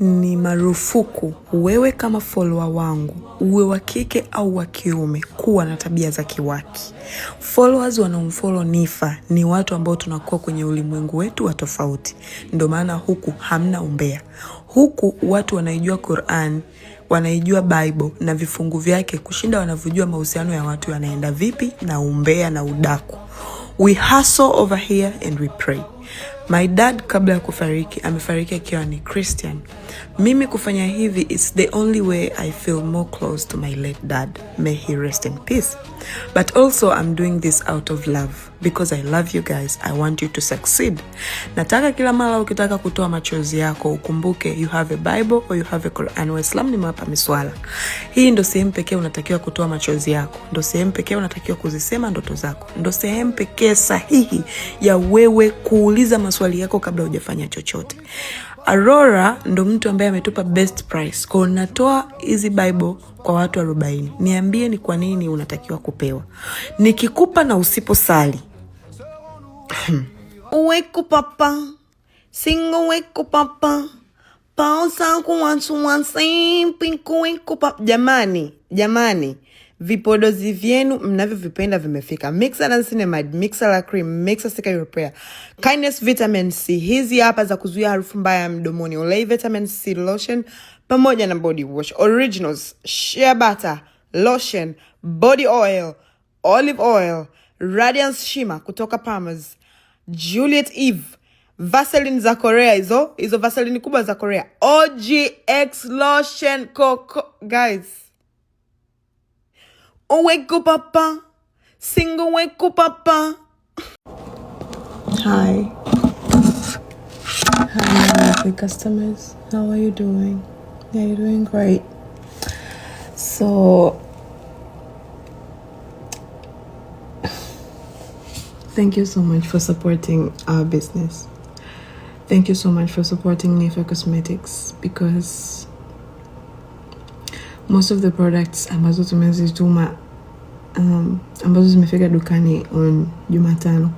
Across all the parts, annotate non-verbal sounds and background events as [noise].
ni marufuku wewe kama follower wangu uwe wa kike au wa kiume kuwa na tabia za kiwaki. Followers wanaomfollow Niffer ni watu ambao tunakuwa kwenye ulimwengu wetu wa tofauti, ndio maana huku hamna umbea. Huku watu wanaijua Qur'an, wanaijua Bible na vifungu vyake kushinda wanavyojua mahusiano ya watu yanaenda vipi na umbea na udaku. We hustle over here and we pray. My dad kabla ya kufariki amefariki akiwa ni Christian. Mimi kufanya hivi it's the only way I feel more close to my late dad. May he rest in peace. But also I'm doing this out of love because I love you guys. I want you to succeed. Nataka kila mara ukitaka kutoa machozi yako ukumbuke you have a Bible or you have a Quran. Waislamu nimewapa miswala. Hii ndo sehemu pekee unatakiwa kutoa machozi yako. Ndo sehemu pekee unatakiwa kuzisema ndoto zako. Ndo sehemu pekee sahihi ya wewe kuuliza uliza maswali yako kabla hujafanya chochote. Aurora ndo mtu ambaye ametupa best price kwao. Natoa hizi Bible kwa watu arobaini. Niambie ni kwa nini unatakiwa kupewa. Nikikupa na sali [clears throat] uweku papa singo weku papa pausakuwasuwasimpi Jamani, jamani vipodozi vyenu mnavyovipenda vimefika. Mixer Sinamide, Mixer La Cream, Mixer Sika Repair, Kindness Vitamin C, hizi hapa za kuzuia harufu mbaya ya mdomoni, Olay Vitamin C Lotion pamoja na body wash, Originals, Shea Butter Lotion, Body Oil, Olive Oil, Radiance shima kutoka Palmer's, Juliet Eve vaselin za Korea hizo hizo, vaselin kubwa za Korea, OGX lotion coco guys Oh, wake up, papa. Sing, oh, wake up, papa. Hi. Hi, lovely customers. How are you doing? Yeah, you're doing great. So, thank you so much for supporting our business. Thank you so much for supporting Nefa Cosmetics because most of the products ambazo tumezituma um, ambazo zimefika dukani on Jumatano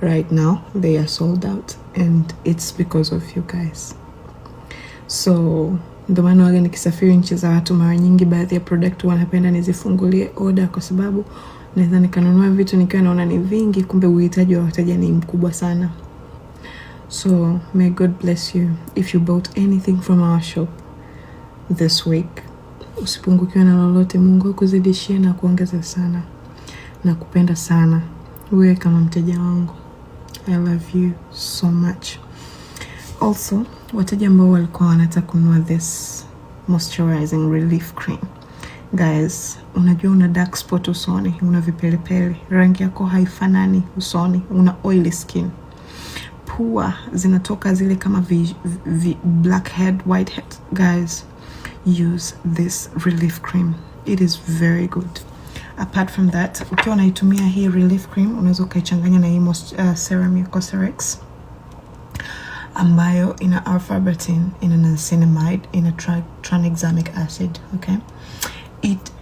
right now they are sold out and it's because of you guys so ndo maana waga nikisafiri nchi za watu mara nyingi baadhi ya product wanapenda nizifungulie order kwa sababu naweza nikanunua vitu nikiwa naona ni vingi, kumbe uhitaji wa wateja ni mkubwa sana. So may God bless you if you bought anything from our shop this week usipungukiwe na lolote. Mungu akuzidishie na kuongeza sana. na kupenda sana wewe kama mteja wangu. I love you so much. Also, wateja ambao walikuwa wanataka kununua this moisturizing relief cream guys, unajua una dark spot usoni, una vipelepele, rangi yako haifanani usoni, una oily skin, pua zinatoka zile kama vi, vi, blackhead, whitehead guys use this relief cream, it is very good. Apart from that, ukiwa unaitumia hii relief cream unaweza ukaichanganya na hii uh, serum ya Cosrx ambayo ina alpha ina niacinamide, ina tranexamic acid, okay? It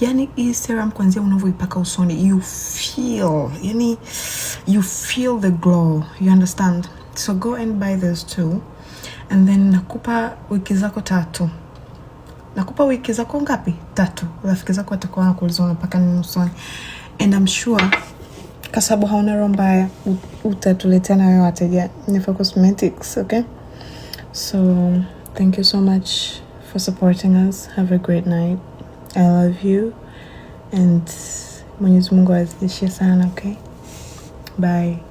yani hii serum kwanzia unavyoipaka usoni you feel yani you feel the glow, you understand? So go and buy those two and then nakupa wiki zako tatu nakupa wiki zako ngapi? Tatu. Rafiki zako watakuwa wanakuulizana mpaka nini usoni, and I'm sure kwa sababu hauna roho mbaya utatuletea na wewe wateja. Ni Focus Cosmetics, okay? So thank you so much for supporting us. Have a great night. I love you and Mwenyezi Mungu awazidishie sana, okay? Bye.